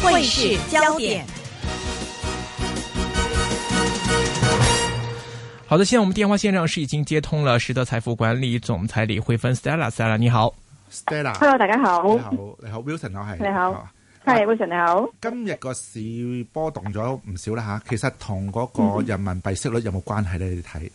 匯市焦點。好的，現在我們電話線上是已經接通了，實德財富管理總裁李慧芬，Stella Stella，你好，Stella，Hello，大家好，你好，你好 Wilson，你好，你、啊、好，Hi Wilson，你好。今日個市波動咗唔少啦，吓，其實同嗰個人民幣息率有冇關係呢？你哋睇？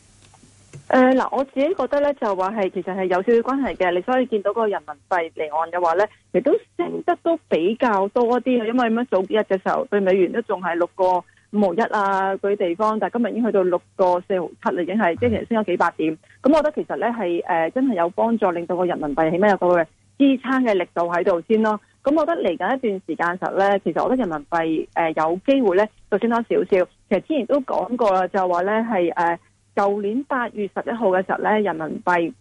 誒、嗱，我自己覺得咧，就話係其實係有少少關係嘅。你所以見到個人民幣離岸嘅話咧，其實都升得都比較多一啲。因為咁樣早幾日嘅時候對美元都仲係六個五毫一啊，嗰啲，那個、地方，但係今日已經去到六個四毫七，已經係即係升咗幾百點。咁我覺得其實咧係誒，真係有幫助，令到個人民幣起碼有個嘅支撐嘅力度喺度先咯。咁我覺得嚟緊一段時間時候咧，其實我覺得人民幣誒、呃、有機會咧，就升多少少。其實之前都講過啦，就話咧係誒。舊年八月十一號嘅時候咧，人民幣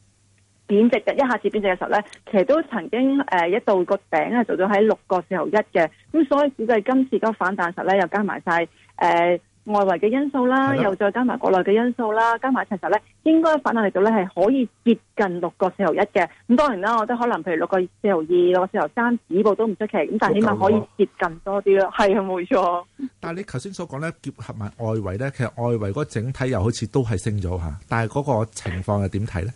貶值嘅，一下子貶值嘅時候咧，其實都曾經誒、呃、一度個頂係做到喺六個四毫一嘅，咁所以估計今次個反彈實咧又加埋晒，誒、呃。外圍嘅因素啦，又再加埋國內嘅因素啦，加埋其實咧，應該反彈力度咧係可以接近六個四毫一嘅。咁當然啦，我覺得可能譬如六個四毫二、六個四毫三，指步都唔出奇。咁但係起碼可以接近多啲咯。係啊，冇錯。但係你頭先所講咧，結合埋外圍咧，其實外圍嗰個整體又好似都係升咗吓。但係嗰個情況又點睇咧？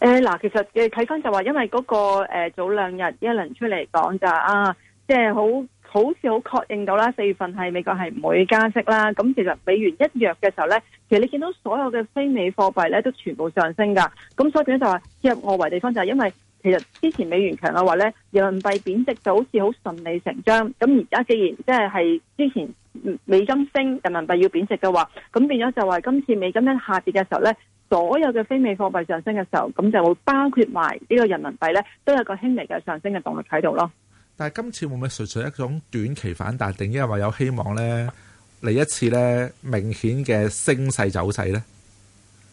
誒，嗱，其實嘅睇翻就話，因為嗰個誒早兩日一輪出嚟講就係、啊，即係好。好似好確認到啦，四月份係美國係唔會加息啦。咁其實美元一弱嘅時候呢，其實你見到所有嘅非美貨幣呢都全部上升㗎。咁所以變咗就切入外圍地方就係因為其實之前美元強嘅話呢，人民幣貶值就好似好順理成章。咁而家既然即係係之前美金升，人民幣要貶值嘅話，咁變咗就話今次美金一下跌嘅時候呢，所有嘅非美貨幣上升嘅時候，咁就會包括埋呢個人民幣呢，都有個輕微嘅上升嘅動力喺度咯。但係今次會唔會純粹一種短期反彈，定係話有希望咧嚟一次咧明顯嘅升勢走勢咧？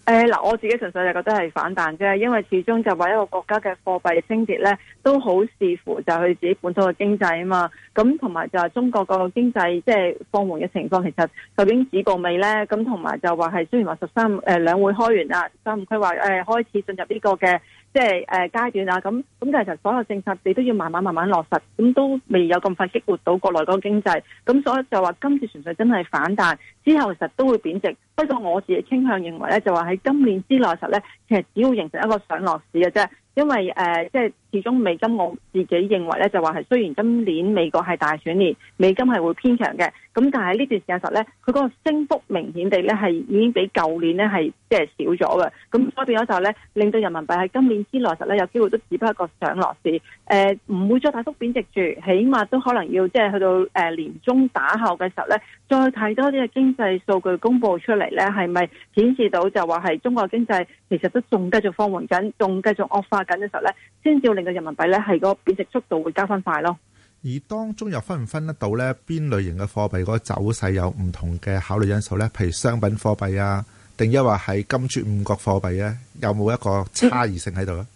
誒、欸、嗱，我自己純粹就覺得係反彈啫，因為始終就話一個國家嘅貨幣升跌咧，都好視乎就係佢自己本土嘅經濟啊嘛。咁同埋就係中國個經濟即係、就是、放緩嘅情況，其實究竟止步未咧？咁同埋就話係雖然話十三誒兩會開完啦，三五規劃誒開始進入呢個嘅。即係誒階段啊，咁咁其實所有政策你都要慢慢慢慢落實，咁都未有咁快激活到國內嗰個經濟，咁所以就話今次純粹真係反彈，之後其實都會貶值。不過我自己傾向認為咧，就話喺今年之內實咧，其實只會形成一個上落市嘅啫。因為誒，即係始終美金，我自己認為咧，就話係雖然今年美國係大選年，美金係會偏強嘅。咁但係呢段時間實咧，佢個升幅明顯地咧係已經比舊年咧係即係少咗嘅。咁所以變咗就咧，令到人民幣喺今年之內實咧有機會都只不過一個上落市。誒，唔會再大幅貶值住，起碼都可能要即係去到誒年中打後嘅時候咧，再睇多啲嘅經濟數據公布出嚟。咧係咪顯示到就話係中國經濟其實都仲繼續放緩緊，仲繼續惡化緊嘅時候咧，先至令到人民幣咧係個貶值速度會加快咯。而當中又分唔分得到咧邊類型嘅貨幣嗰個走勢有唔同嘅考慮因素咧？譬如商品貨幣啊，定抑或係金磚五國貨幣咧，有冇一個差異性喺度咧？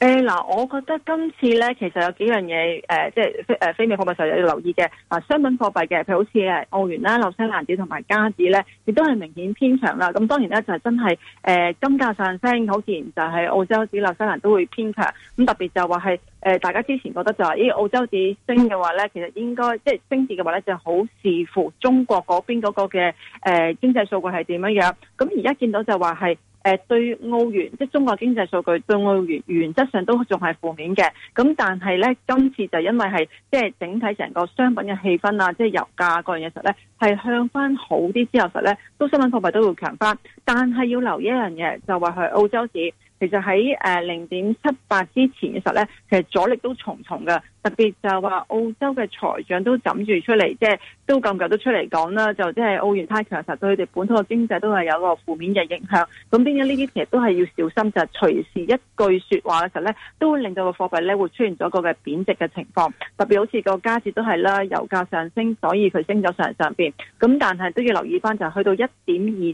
誒，嗱，我覺得今次咧，其實有幾樣嘢，誒、呃，即係誒，非美貨幣上有要留意嘅，啊，商品貨幣嘅，譬如好似係澳元啦、新西蘭紙同埋加紙咧，亦都係明顯偏強啦。咁、嗯、當然咧，就是、真係，誒、呃，金價上升，好自然就係澳洲紙、新西蘭都會偏強。咁、嗯、特別就話、是、係，誒、呃，大家之前覺得就話，咦、哎，澳洲紙升嘅話咧，其實應該即係升跌嘅話咧，就好、是、視乎中國嗰邊嗰個嘅，誒、呃，經濟數據係點樣樣。咁而家見到就話係。誒對澳元，即係中國經濟數據對澳元，原則上都仲係負面嘅。咁但係咧，今次就因為係即係整體成個商品嘅氣氛啊，即係油價嗰樣嘢實咧，係向翻好啲之後，實咧都商品貨幣都會強翻。但係要留意一樣嘢，就話去澳洲市其實喺誒零點七八之前嘅時候咧，其實阻力都重重嘅。特別就係話澳洲嘅財長都枕住出嚟，即係都咁夾都出嚟講啦，就即係澳元太強，實對佢哋本土嘅經濟都係有個負面嘅影響。咁點解呢啲其實都係要小心？就係、隨時一句說話嘅時候咧，都會令到個貨幣咧會出現咗個嘅貶值嘅情況。特別好似個加節都係啦，油價上升，所以佢升咗上上邊。咁但係都要留意翻，就係、去到一點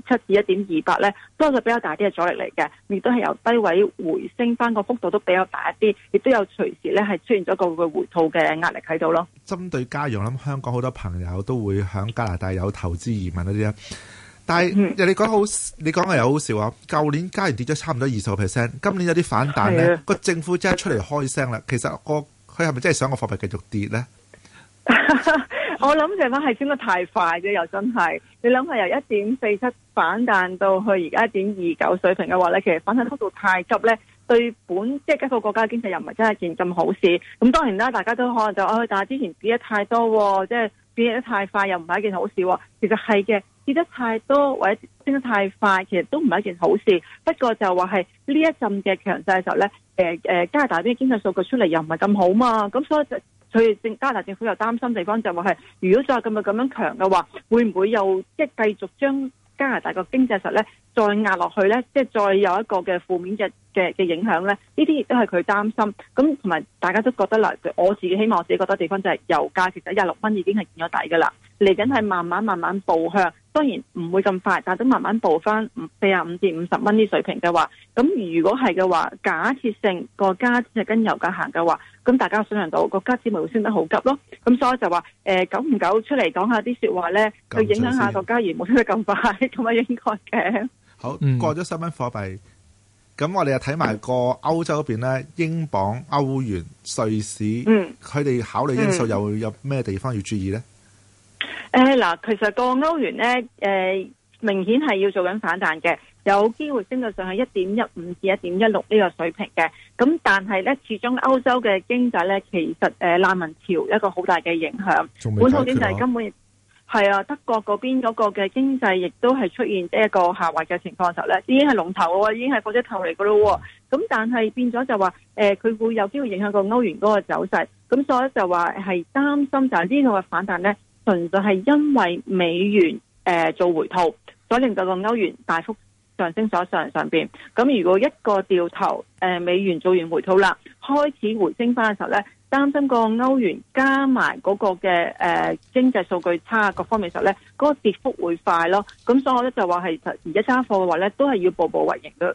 二七至一點二八咧，都係個比較大啲嘅阻力嚟嘅，亦都係由低位回升翻，個幅度都比較大一啲，亦都有隨時咧係出現咗、個套嘅壓力喺度咯。針對加元，諗香港好多朋友都會喺加拿大有投資移民一啲啊。但係你講好，你講嘅又好笑啊。舊年加元跌咗差唔多二十個 percent，今年有啲反彈咧。個政府即係出嚟開聲啦。其實個佢係咪真係想個貨幣繼續跌咧？ 我諗嘅話係升得太快啫，又真係。你諗下由一點四七反彈到去而家一點二九水平嘅話咧，其實反彈速度太急咧。對本即係、就是、一個國家嘅經濟又唔係真係一件咁好事，咁當然啦，大家都可能就哦、哎，但係之前跌得太多，即係跌得太快又唔係一件好事。其實係嘅，跌得太多或者升得太快，其實都唔係一件好事。不過就話係呢一陣嘅強勢時候咧，誒誒加拿大啲經濟數據出嚟又唔係咁好嘛。咁所以佢政加拿大政府又擔心地方就話、是、係，如果再咁樣咁樣強嘅話，會唔會又即係繼續將？加拿大個經濟實力再壓落去咧，即係再有一個嘅負面嘅嘅嘅影響咧，呢啲亦都係佢擔心。咁同埋大家都覺得啦，我自己希望我自己覺得地方就係油價其實廿六蚊已經係見咗底噶啦。嚟緊係慢慢慢慢步向，當然唔會咁快，但係都慢慢步翻四十五至五十蚊啲水平嘅話，咁如果係嘅話，假設性個加紙係跟油價行嘅話，咁大家想像到個加紙咪會升得好急咯。咁所以就話誒、呃、久唔久出嚟講下啲説話咧，去影響下個加紙冇升得咁快，咁啊應該嘅、嗯、好過咗十蚊貨幣。咁我哋又睇埋個歐洲嗰邊咧、嗯，英鎊、歐元、瑞士，佢、嗯、哋考慮因素又有咩地方要注意咧？誒，嗱，其實個歐元咧，誒、呃，明顯係要做緊反彈嘅，有機會升到上去一點一五至一點一六呢個水平嘅。咁但係咧，始終歐洲嘅經濟咧，其實誒、呃，難民潮一個好大嘅影響、啊，本土經濟根本係啊，德國嗰邊嗰個嘅經濟亦都係出現一個下滑嘅情況。時候咧，已經係龍頭嘅，已經係火車頭嚟噶咯。咁但係變咗就話，誒、呃，佢會有機會影響個歐元嗰個走勢。咁所以就話係擔心就係呢個反彈咧。純粹係因為美元誒、呃、做回吐，所以令到個歐元大幅上升咗上上邊。咁如果一個掉頭誒、呃、美元做完回吐啦，開始回升翻嘅時候咧，擔心個歐元加埋嗰個嘅誒、呃、經濟數據差各方面時候咧，嗰個跌幅會快咯。咁所以我咧就話係而家揸貨嘅話咧，都係要步步為營咯。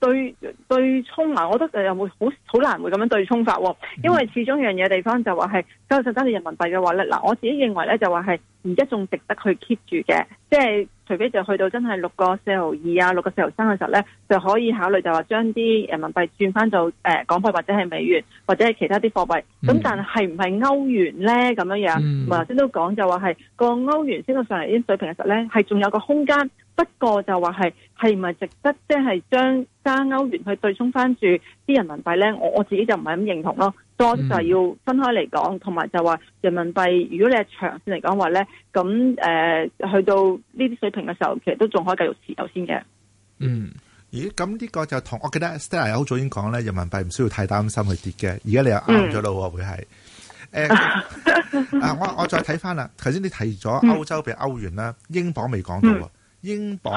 對對沖嗱，我覺得又會好好難會咁樣對沖法喎，因為始終一樣嘢地方就話、是、係，即係簡單人民幣嘅話咧，嗱，我自己認為咧就話係而家仲值得去 keep 住嘅，即係除非就去到真係六個四毫二啊，六個四毫三嘅時候咧，就可以考慮就話將啲人民幣轉翻做港幣或者係美元或者係其他啲貨幣。咁、嗯、但係唔係歐元咧咁樣樣？我頭先都講就話係個歐元升到上嚟呢水平嘅時候咧，係仲有個空間。不過就話係係唔係值得，即係將加歐元去對沖翻住啲人民幣咧？我我自己就唔係咁認同咯。多就要分開嚟講，同埋就話人民幣，如果你係長線嚟講話咧，咁誒、呃、去到呢啲水平嘅時候，其實都仲可以繼續持有先嘅。嗯，咦？咁呢個就同我記得 Stella 好早已經講咧，人民幣唔需要太擔心去跌嘅。而家你又啱咗咯，會係誒、呃 啊？我我再睇翻啦。頭先你提咗歐洲俾歐元啦，嗯，英鎊未講到。嗯英鎊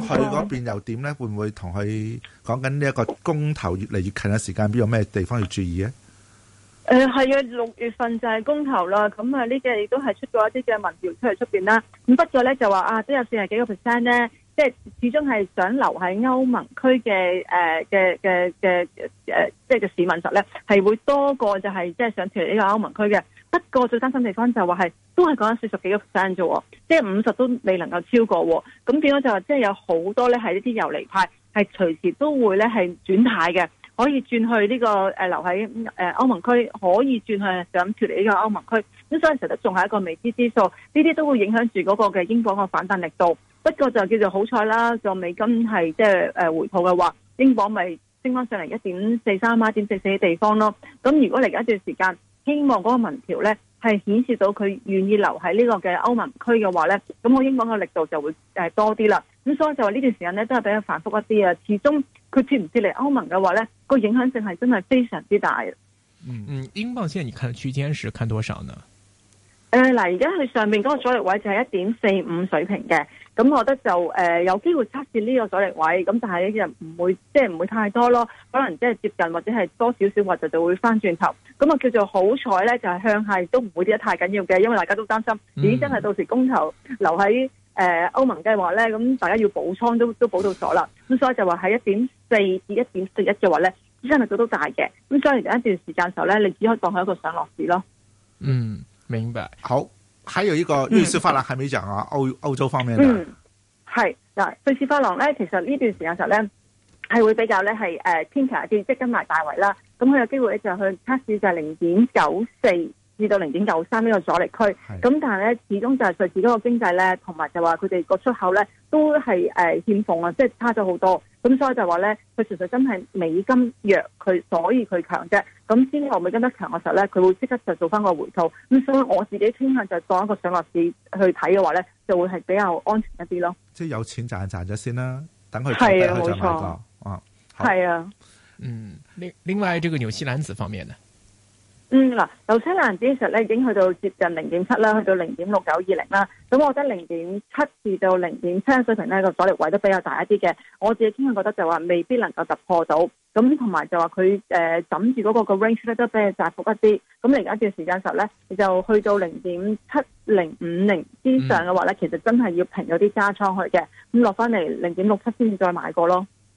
佢嗰邊又點咧？會唔會同佢講緊呢一個公投越嚟越近嘅時間？邊有咩地方要注意咧？誒係啊，六月份就係公投啦。咁啊，呢個亦都係出咗一啲嘅民調出嚟出面啦。咁不過咧就話啊，都有四十幾個 percent 咧，即係始終係想留喺歐盟區嘅誒嘅嘅嘅誒，即係嘅市民集咧，係會多過就係即係想脫離呢個歐盟區嘅。一個最擔心地方就話係，都係講緊四十幾個 percent 啫，即係五十都未能夠超過。咁變咗就話，即係有好多咧，係一啲遊離派，係隨時都會咧係轉態嘅，可以轉去呢個誒留喺誒歐盟區，可以轉去就咁脫離呢個歐盟區。咁所以其實仲係一個未知之數，呢啲都會影響住嗰個嘅英鎊個反彈力度。不過就叫做好彩啦，就美金係即係誒回吐嘅話，英鎊咪升翻上嚟一點四三啊，一點四四嘅地方咯。咁如果嚟緊一段時間。希望嗰個民調咧係顯示到佢願意留喺呢個嘅歐盟區嘅話咧，咁我英鎊嘅力度就會誒、呃、多啲啦。咁所以就話呢段時間咧都係比較繁複一啲啊。始終佢接唔接嚟歐盟嘅話咧，個影響性係真係非常之大。嗯嗯，英鎊線你看區間是看多少呢？誒、呃，嗱，而家佢上面嗰個阻力位就係一點四五水平嘅。咁我覺得就、呃、有機會測試呢個阻力位，咁但係呢啲人唔會即係唔會太多咯，可能即係接近或者係多少少，或者點點話就會翻轉頭。咁啊叫做好彩咧，就係、是、向下都唔會跌得太緊要嘅，因為大家都擔心，咦真係到時公投留喺誒、呃、歐盟計劃咧，咁大家要補倉都都補到咗啦。咁所以就點點話喺一點四至一點四一嘅話咧，真係做到都大嘅。咁所以有一段時間嘅時候咧，你只可以當佢一個上落市咯。嗯，明白。好。還有一個瑞士法郎還沒講啊，歐、嗯、歐洲方面嘅，嗯，係嗱，瑞士法郎咧，其實呢段時間就咧係會比較咧係誒偏強一啲，即係跟埋大圍啦，咁佢有機會咧就去測試就係零點九四至到零點九三呢個阻力區，咁但係咧始終就係瑞士嗰個經濟咧同埋就話佢哋個出口咧都係誒、呃、欠奉啊，即、就、係、係、差咗好多。咁所以就話咧，佢純粹真係美金弱，佢所以佢強啫。咁先後美金得強嘅時候咧，佢會即刻就做翻個回吐。咁所以我自己傾向就當一個上落市去睇嘅話咧，就會係比較安全一啲咯。即係有錢賺賺咗先啦，等佢跌啊，冇唔錯。哦、啊，係啊，啊，嗯。另另外，呢個紐西蘭子方面呢？嗯嗱，紐西蘭指數咧已經去到接近零點七啦，去到零點六九二零啦。咁我覺得零點七至到零點七一水平咧個阻力位都比較大一啲嘅。我自己傾向覺得就話未必能夠突破到。咁同埋就話佢誒枕住嗰個個 range 咧都比較窄幅一啲。咁而家一段時間時候咧，你就去到零點七零五零之上嘅話咧，其實真係要平咗啲加倉去嘅。咁落翻嚟零點六七先至再買過咯。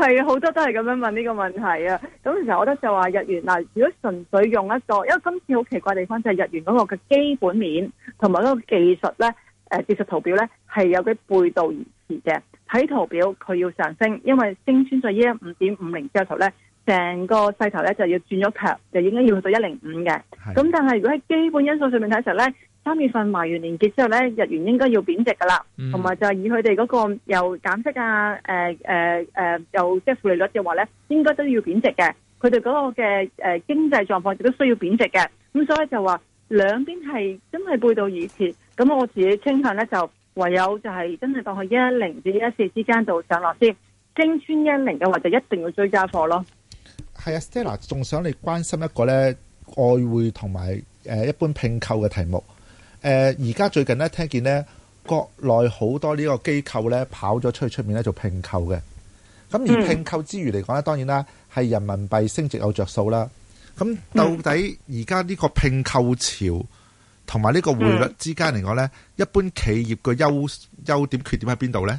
係啊，好多都係咁樣問呢個問題啊。咁其實我覺得就話日元嗱，如果純粹用一個，因為今次好奇怪嘅地方就係日元嗰個嘅基本面同埋嗰個技術咧，誒、呃，技術圖表咧係有啲背道而馳嘅。睇圖表佢要上升，因為升穿咗依一五點五零之後頭咧，成個勢頭咧就要轉咗強，就應該要去到一零五嘅。咁但係如果喺基本因素上面睇實咧。三月份埋完年結之後咧，日元應該要貶值噶啦，同、嗯、埋就係以佢哋嗰個又減息啊，誒誒誒，又即係負利率嘅話咧，應該都要貶值嘅。佢哋嗰個嘅誒經濟狀況亦都需要貶值嘅。咁所以就話兩邊係真係背道而馳。咁我自己傾向咧就唯有就係真係當佢一一零至一一四之間度上落先。京川一一零嘅話就一定要追加貨咯。係啊，Stella，仲想你關心一個咧外匯同埋誒一般併購嘅題目。誒、呃，而家最近呢，聽見呢國內好多呢個機構呢，跑咗出去出面呢做併購嘅。咁而併購之餘嚟講呢、嗯，當然啦，係人民幣升值有着數啦。咁、嗯嗯、到底而家呢個併購潮同埋呢個匯率之間嚟講呢、嗯，一般企業嘅優優點、缺點喺邊度呢？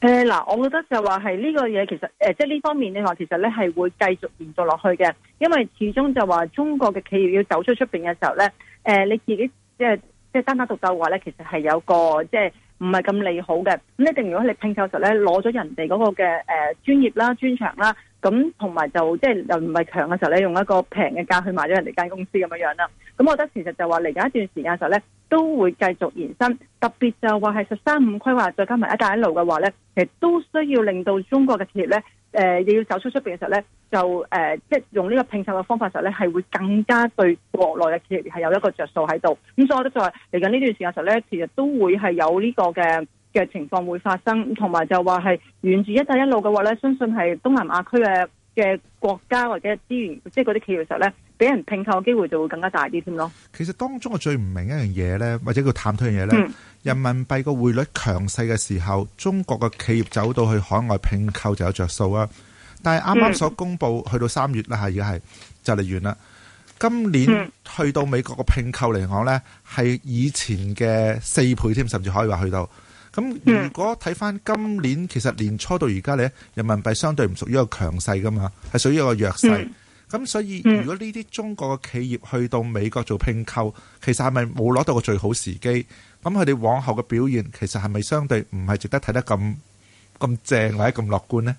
誒，嗱，我覺得就話係呢個嘢，其實誒，即係呢方面你話，其實呢係會繼續延續落去嘅，因為始終就話中國嘅企業要走出出邊嘅時候呢，誒、呃，你自己。即係即係單打獨鬥嘅話咧，其實係有個即係唔係咁利好嘅。咁一定如果你拼湊實咧，攞咗人哋嗰、嗰個嘅誒、呃、專業啦、專長啦。咁同埋就即係又唔係強嘅時候咧，用一個平嘅價去買咗人哋間公司咁樣樣啦。咁我覺得其實就話嚟緊一段時間嘅時候咧，都會繼續延伸。特別就話係十三五規劃再加埋一帶一路嘅話咧，其實都需要令到中國嘅企業咧，誒、呃，又要走出出邊嘅時候咧，就誒，即、呃、係、就是、用呢個拼湊嘅方法嘅時候咧，係會更加對國內嘅企業係有一個着數喺度。咁所以我覺得就再嚟緊呢段時間嘅時候咧，其實都會係有呢個嘅。嘅情況會發生，同埋就話係沿住一帶一路嘅話咧，相信係東南亞區嘅嘅國家或者資源，即係嗰啲企業實咧，俾人拼購嘅機會就會更加大啲添咯。其實當中我最唔明一樣嘢咧，或者叫探討一樣嘢咧，人民幣個匯率強勢嘅時候，中國嘅企業走到去海外拼購就有着數啊。但係啱啱所公佈、嗯、去到三月啦，係而家係就嚟完啦。今年、嗯、去到美國嘅拼購嚟講咧，係以前嘅四倍添，甚至可以話去到。咁如果睇翻今年、嗯，其實年初到而家咧，人民幣相對唔屬於一個強勢噶嘛，係屬於一個弱勢。咁、嗯、所以如果呢啲中國嘅企業去到美國做併購，其實係咪冇攞到個最好的時機？咁佢哋往後嘅表現，其實係咪相對唔係值得睇得咁咁正或者咁樂觀呢？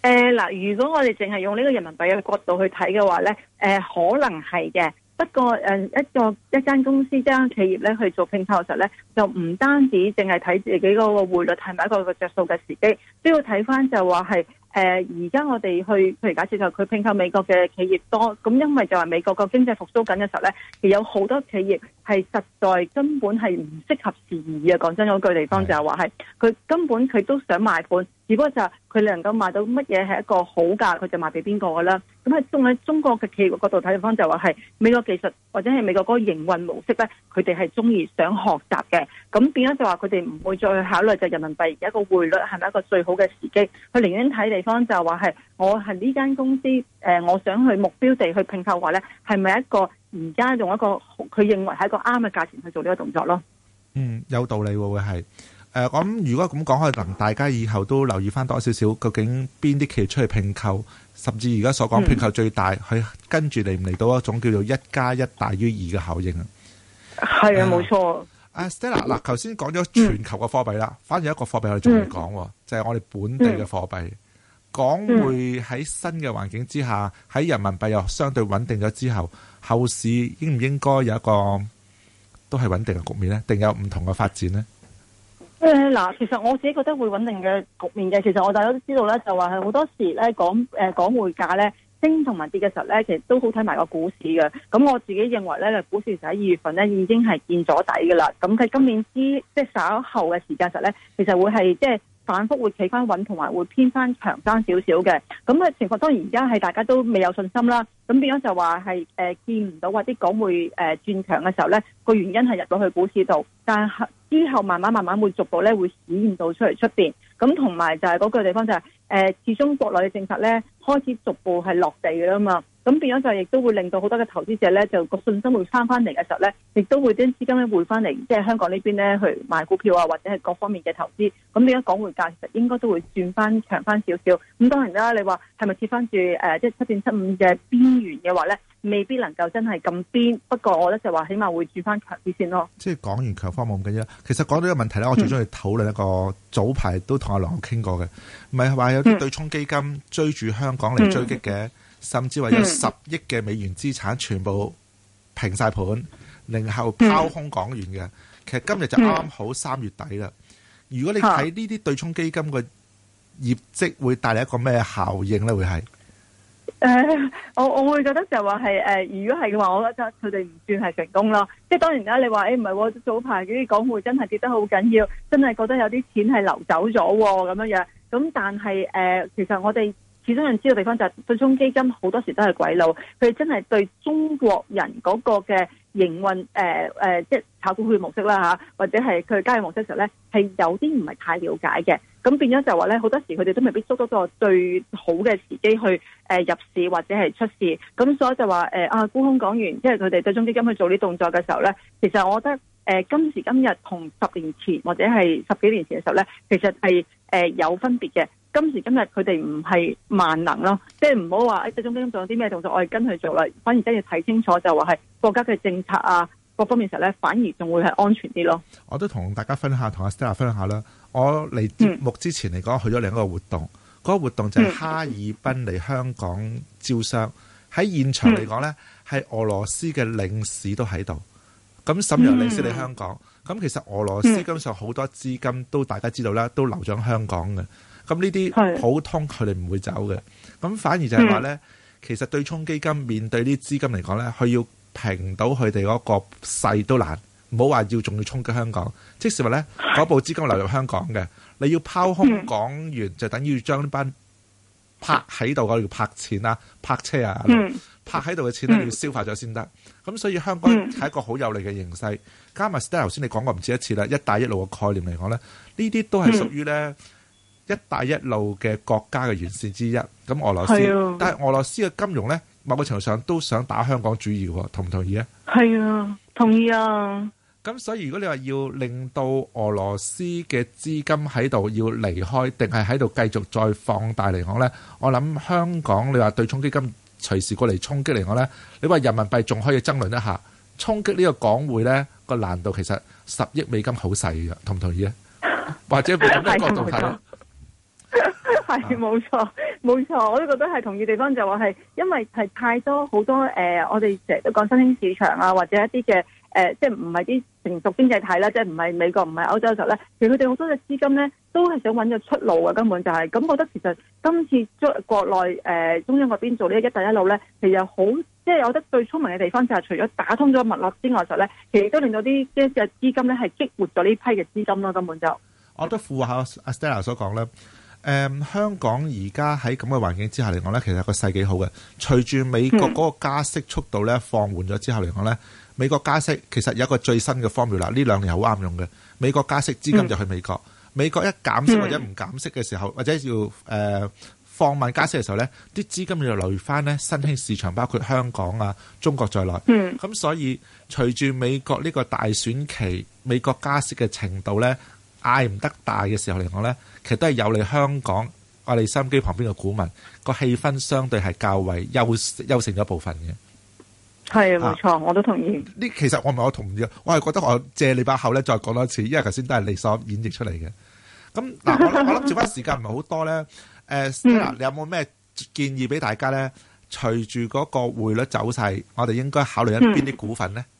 誒、呃、嗱，如果我哋淨係用呢個人民幣嘅角度去睇嘅話咧，誒、呃、可能係嘅。不過，誒、嗯，一個一間公司、一間企業咧去做併購嘅時候咧，就唔單止淨係睇自己嗰個匯率係咪一個個着數嘅時機，都要睇翻就話係，誒、呃，而家我哋去，譬如假設就佢併購美國嘅企業多，咁因為就話美國個經濟復蘇緊嘅時候咧，其實有好多企業係實在根本係唔適合時宜啊！講真嗰句地方就係話係，佢根本佢都想賣盤。只不過就佢能夠買到乜嘢係一個好價，佢就賣俾邊個噶啦。咁喺中喺中國嘅企業角度睇，地方就話係美國技術或者係美國嗰個營運模式咧，佢哋係中意想學習嘅。咁變咗就話佢哋唔會再去考慮就人民幣而家個匯率係咪一個最好嘅時機。佢寧願睇，地方就話係我係呢間公司誒，我想去目標地去併購話咧，係咪一個而家用一個佢認為係一個啱嘅價錢去做呢個動作咯？嗯，有道理喎，係。誒、呃，咁如果咁講，可能大家以後都留意翻多少少，究竟邊啲企業出嚟併購，甚至而家所講併購最大，佢、嗯、跟住嚟唔嚟到一種叫做一加一大於二嘅效應是的啊？係啊，冇錯。阿 Stella，嗱，頭先講咗全球嘅貨幣啦，反而有一個貨幣我哋仲未講，就係、是、我哋本地嘅貨幣。港匯喺新嘅環境之下，喺人民幣又相對穩定咗之後，後市應唔應該有一個都係穩定嘅局面呢？定有唔同嘅發展呢？誒，嗱，其實我自己覺得會穩定嘅局面嘅。其實我大家都知道咧，就話係好多時咧講誒港匯價咧升同埋跌嘅時候咧，其實都好睇埋個股市嘅。咁我自己認為咧，股市就喺二月份咧已經係見咗底噶啦。咁佢今年之即稍後嘅時間實咧，其實會係即。反覆會企翻穩，同埋會偏翻強翻少少嘅。咁嘅情況當然而家係大家都未有信心啦。咁變咗就話係誒見唔到或啲港匯誒、呃、轉強嘅時候咧，個原因係入到去股市度，但係之後慢慢慢慢會逐步咧會顯現到出嚟出邊。咁同埋就係嗰個地方就係、誒呃、始終國內嘅政策咧開始逐步係落地㗎啦嘛。咁變咗就亦都會令到好多嘅投資者咧，就個信心會翻翻嚟嘅時候咧，亦都會將資金咧回翻嚟，即係香港邊呢邊咧去買股票啊，或者係各方面嘅投資。咁變咗港匯價，其實應該都會轉翻長翻少少。咁當然啦，你是是話係咪貼翻住誒，即係七點七五嘅邊緣嘅話咧，未必能夠真係咁邊。不過我覺得就話起碼會轉翻強啲先咯。即係講完強方冇咁緊要，其實講到呢個問題咧，我最中意討論一個早排都同阿郎傾過嘅，唔係話有啲對沖基金追住香港嚟追擊嘅、嗯。嗯嗯甚至話有十億嘅美元資產、嗯、全部平晒盤，然後拋空港元嘅、嗯，其實今日就啱啱好三月底啦、嗯。如果你睇呢啲對沖基金嘅業績，會帶嚟一個咩效應咧？會係誒，我我會覺得就話係誒，如果係嘅話，我覺得佢哋唔算係成功咯。即係當然啦，你話誒唔係，早排嗰啲港匯真係跌得好緊要，真係覺得有啲錢係流走咗咁樣樣。咁但係誒、呃，其實我哋。始終人知道地方就係對沖基金好多時都係鬼佬，佢哋真係對中國人嗰個嘅營運誒誒，即係炒股票模式啦吓，或者係佢哋交易模式嘅時候咧，係有啲唔係太了解嘅。咁變咗就話咧，好多時佢哋都未必捉到一個最好嘅時機去誒入市或者係出市。咁所以就話誒啊，沽、呃、空講完，即係佢哋對沖基金去做呢動作嘅時候咧，其實我覺得誒今時今日同十年前或者係十幾年前嘅時候咧，其實係誒有分別嘅。今時今日佢哋唔係萬能咯，即係唔好話誒，中間仲有啲咩動作，我哋跟佢做啦，反而真要睇清楚，就話係國家嘅政策啊，各方面時候咧，反而仲會係安全啲咯。我都同大家分享，同阿 Stella 分享下啦。我嚟節目之前嚟講，嗯、去咗另一個活動，嗰、那個活動就係哈爾濱嚟香港招商。喺、嗯、現場嚟講咧，係、嗯、俄羅斯嘅領事都喺度，咁沈陽領事嚟香港。咁、嗯、其實俄羅斯今上好多資金都大家知道啦，都流咗香港嘅。咁呢啲普通佢哋唔會走嘅，咁反而就係話咧，其實對沖基金面對啲資金嚟講咧，佢要平到佢哋嗰個勢都難，唔好話要仲要衝擊香港，即使話咧嗰部資金流入香港嘅，你要拋空港元，嗯、就等於要將呢班泊喺度嗰度泊錢啊、泊車啊、泊喺度嘅錢咧、嗯、你要消化咗先得，咁所以香港係一個好有利嘅形勢、嗯，加埋 head 頭先你講過唔止一次啦，一帶一路嘅概念嚟講咧，屬於呢啲都係屬於咧。嗯一帶一路嘅國家嘅完善之一，咁俄羅斯，但係俄羅斯嘅金融呢，某個程度上都想打香港主意，同唔同意啊？係啊，同意啊！咁所以如果你話要令到俄羅斯嘅資金喺度要離開，定係喺度繼續再放大嚟講呢，我諗香港你話對沖基金隨時過嚟衝擊嚟講呢，你話人民幣仲可以爭論一下衝擊呢個港匯呢，個難度其實十億美金好細嘅，同唔同意啊？或者從一個角度睇。係冇錯，冇錯，我都覺得係同意地方就話係，因為係太多好多誒、呃，我哋成日都講新興市場啊，或者一啲嘅誒，即係唔係啲成熟經濟體啦，即係唔係美國唔係歐洲嘅時候咧，其實佢哋好多嘅資金咧都係想揾個出路啊。根本就係、是、咁。我覺得其實今次國內、呃、中國內誒中央嗰邊做呢一帶一路咧，其實好即係我覺得最聰明嘅地方就係除咗打通咗脈絡之外嘅時候咧，其實亦都令到啲即嘅資金咧係激活咗呢批嘅資金咯，根本就我覺得符合阿 Stella 所講咧。嗯、香港而家喺咁嘅環境之下嚟講呢，其實個勢幾好嘅。隨住美國嗰個加息速度呢、嗯、放緩咗之後嚟講呢，美國加息其實有一個最新嘅方妙啦。呢兩年好啱用嘅。美國加息資金就去美國，嗯、美國一減息或者唔減息嘅時候、嗯，或者要、呃、放慢加息嘅時候呢，啲資金就流翻呢新興市場，包括香港啊、中國在內。咁、嗯、所以隨住美國呢個大選期，美國加息嘅程度呢。嗌唔得大嘅時候嚟講咧，其實都係有利香港，我哋收音機旁邊嘅股民個氣氛相對係較為優優勝咗部分嘅。係，啊、冇錯，我都同意。呢其實我唔係我同意，我係覺得我借你把口咧，再講多次，因為頭先都係你所演繹出嚟嘅。咁嗱、啊，我我諗接翻時間唔係好多咧。誒，Stella，你有冇咩建議俾大家咧？隨住嗰個匯率走勢，我哋應該考慮緊邊啲股份咧？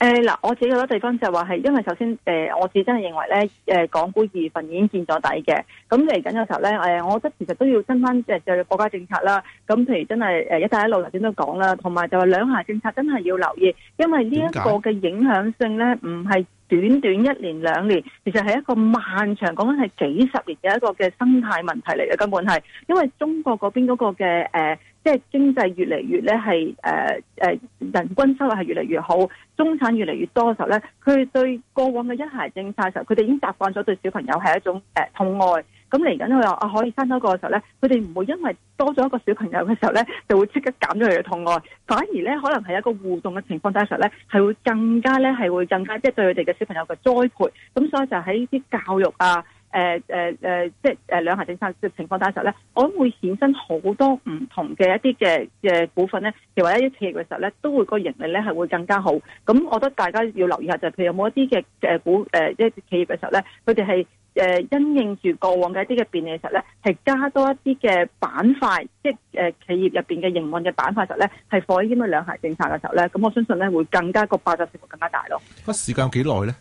誒、嗯、嗱，我自己有啲地方就係話係，因為首先誒，我自己真係認為咧，誒，港股二月份已經見咗底嘅。咁嚟緊嘅時候咧，誒，我覺得其實都要跟翻誒，就國家政策啦，咁譬如真係誒，一帶一路頭先都講啦，同埋就係兩孩政策真係要留意，因為呢一個嘅影響性咧，唔係短短一年兩年，其實係一個漫長，講緊係幾十年嘅一個嘅生態問題嚟嘅，根本係，因為中國嗰邊嗰個嘅誒。呃即係經濟越嚟越咧，係誒誒，人均收入係越嚟越好，中產越嚟越多嘅時候咧，佢對過往嘅一孩政策嘅時候，佢哋已經習慣咗對小朋友係一種誒痛愛。咁嚟緊佢話啊可以生多個嘅時候咧，佢哋唔會因為多咗一個小朋友嘅時候咧，就會即刻減咗佢嘅痛愛，反而咧可能係一個互動嘅情況底下，實咧係會更加咧係會更加即係對佢哋嘅小朋友嘅栽培，咁所以就喺啲教育啊。誒誒誒，即係誒兩孩政策嘅情況底下嘅時候咧，我諗會衍生好多唔同嘅一啲嘅嘅股份咧，亦或者一啲企業嘅時候咧，都會個盈利咧係會更加好。咁我覺得大家要留意下就係，是，譬如有冇一啲嘅誒股誒一企業嘅時候咧，佢哋係誒因應住過往嘅一啲嘅便利嘅時候咧，係加多一啲嘅板塊，即係誒企業入邊嘅營運嘅板塊時候咧係放喺呢啲兩孩政策嘅時候咧，咁我相信咧會更加個爆炸性會更加大咯。個時間有幾耐咧？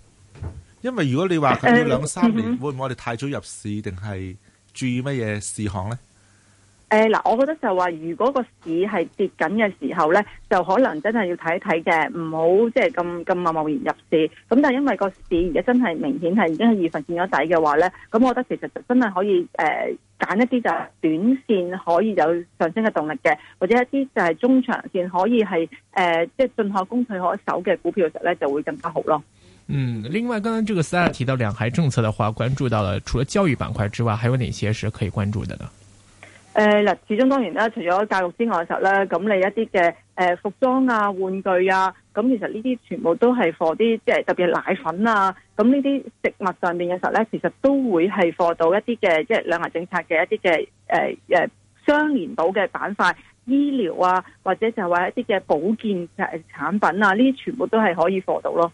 因為如果你話佢要兩三年，呃嗯嗯、會唔會我哋太早入市，定係注意乜嘢事項咧？誒，嗱，我覺得就話如果個市係跌緊嘅時候咧，就可能真係要睇一睇嘅，唔好即係咁咁貿貿然入市。咁但係因為個市而家真係明顯係已經係二分見咗底嘅話咧，咁我覺得其實就真係可以誒揀、呃、一啲就係短線可以有上升嘅動力嘅，或者一啲就係中長線可以係誒即係進可攻退可守嘅股票嘅時候咧，就會更加好咯。嗯，另外，剛剛這個 s a r 提到兩孩政策的話，關注到了除了教育板塊之外，還有哪些是可以關注的呢？誒，嗱，始終當然啦，除咗教育之外嘅時候咧，咁你一啲嘅誒服裝啊、玩具啊，咁其實呢啲全部都係貨啲，即係特別奶粉啊，咁呢啲食物上面嘅時候咧，其實都會係貨到一啲嘅即係兩孩政策嘅一啲嘅誒誒相連到嘅板塊，醫療啊，或者就係話一啲嘅保健誒產品啊，呢啲全部都係可以貨到咯。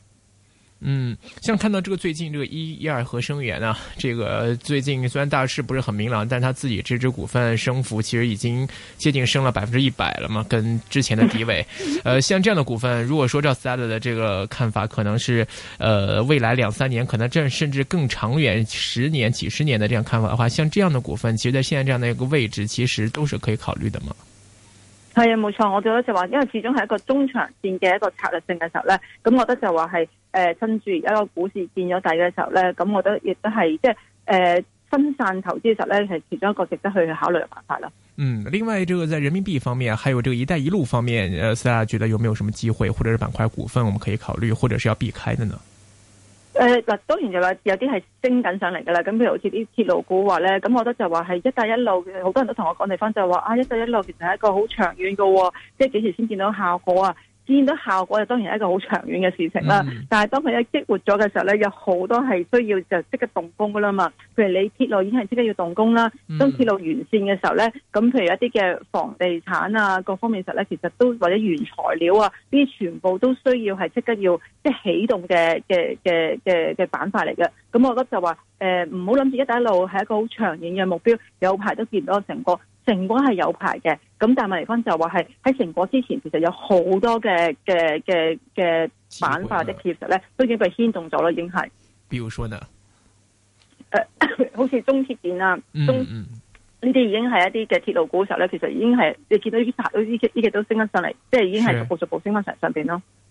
嗯，像看到這個最近這個一一二合生元啊，這個最近雖然大市不是很明朗，但它自己這支股份升幅其實已經接近升了百分之一百了嘛，跟之前的低位。 呃，像這樣的股份，如果說照 Stella 的這個看法，可能是，呃，未來兩三年可能正甚至更長遠十年、幾十年的這樣看法的話，像這樣的股份，其實在現在這樣的一個位置，其實都是可以考慮的嘛。係啊，冇錯，我覺得就話，因為始終係一個中長線嘅一個策略性嘅時候咧，咁我覺得就話係。誒，跟住而家個股市見咗底嘅時候咧，咁我覺得亦都係即係誒分散投資嘅時候咧，係其中一個值得去考慮嘅辦法啦。嗯，另外，呢個在人民幣方面，還有這個“一帶一路”方面，大家覺得有沒有什麼機會，或者是板塊股份我們可以考慮，或者是要避開嘅呢？誒，嗱，當然就話有啲係升緊上嚟噶啦，咁譬如好似啲鐵路股話咧，咁我覺得就話係“一帶一路”，好多人都同我講地方就話啊，“一帶一路”其實係一個好長遠噶，即係幾時先見到效果啊？見到效果就當然係一個好長遠嘅事情啦，mm -hmm. 但係當佢一激活咗嘅時候咧，有好多係需要就即刻動工噶啦嘛。譬如你鐵路已經係即刻要動工啦，當鐵路完善嘅時候咧，咁譬如一啲嘅房地產啊各方面嘅時候咧，其實都或者原材料啊呢啲全部都需要係即刻要即係起動嘅嘅嘅嘅嘅板塊嚟嘅。咁我覺得就話誒，唔好諗住一帶一路係一個好長遠嘅目標，有排都見唔到成果。成果係有排嘅，咁但係問題就話係喺成果之前，其實有好多嘅嘅嘅嘅板塊的 t i 咧，都已經被牽動咗啦，已經係。比如說呢，誒、呃，好似中鐵建啊，嗯呢啲、嗯、已經係一啲嘅鐵路股時候咧，其實已經係你見到呢啲都呢呢都升翻上嚟，即係已經係逐步逐步升翻上上邊咯。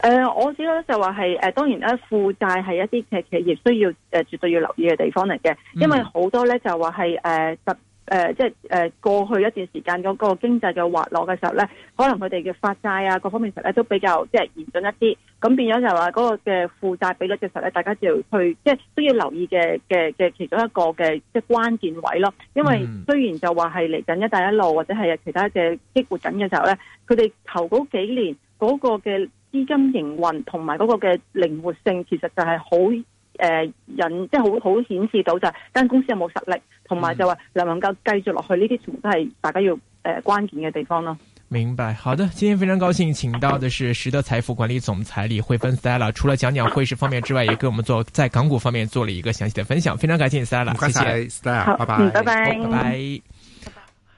誒、呃，我只講就話係誒，當然咧負債係一啲嘅企業需要誒，絕對要留意嘅地方嚟嘅，嗯。因為好多咧就話係誒，實、呃、誒，即係誒，過去一段時間嗰個經濟嘅滑落嘅時候咧，可能佢哋嘅發債啊，各方面實咧都比較即係嚴峻一啲。咁變咗就話嗰個嘅負債比率嘅時候咧，大家就要去即係、就是、都要留意嘅嘅嘅其中一個嘅即係關鍵位咯。因為雖然就話係嚟緊一帶一路或者係其他嘅激活緊嘅時候咧，佢哋頭嗰幾年嗰個嘅，資金營運同埋嗰個嘅靈活性，其實就係好誒引，即係好好顯示到就係間公司有冇實力，同埋就話能唔能夠繼續落去呢啲，這些全部都係大家要誒、呃、關鍵嘅地方咯。明白，好的，今天非常高興請到的是時德財富管理總裁李慧芬 Stella，除了講講匯市方面之外，也跟我們做在港股方面做了一個詳細的分享，非常感謝 Stella，謝謝 Stella，好，拜拜，拜拜。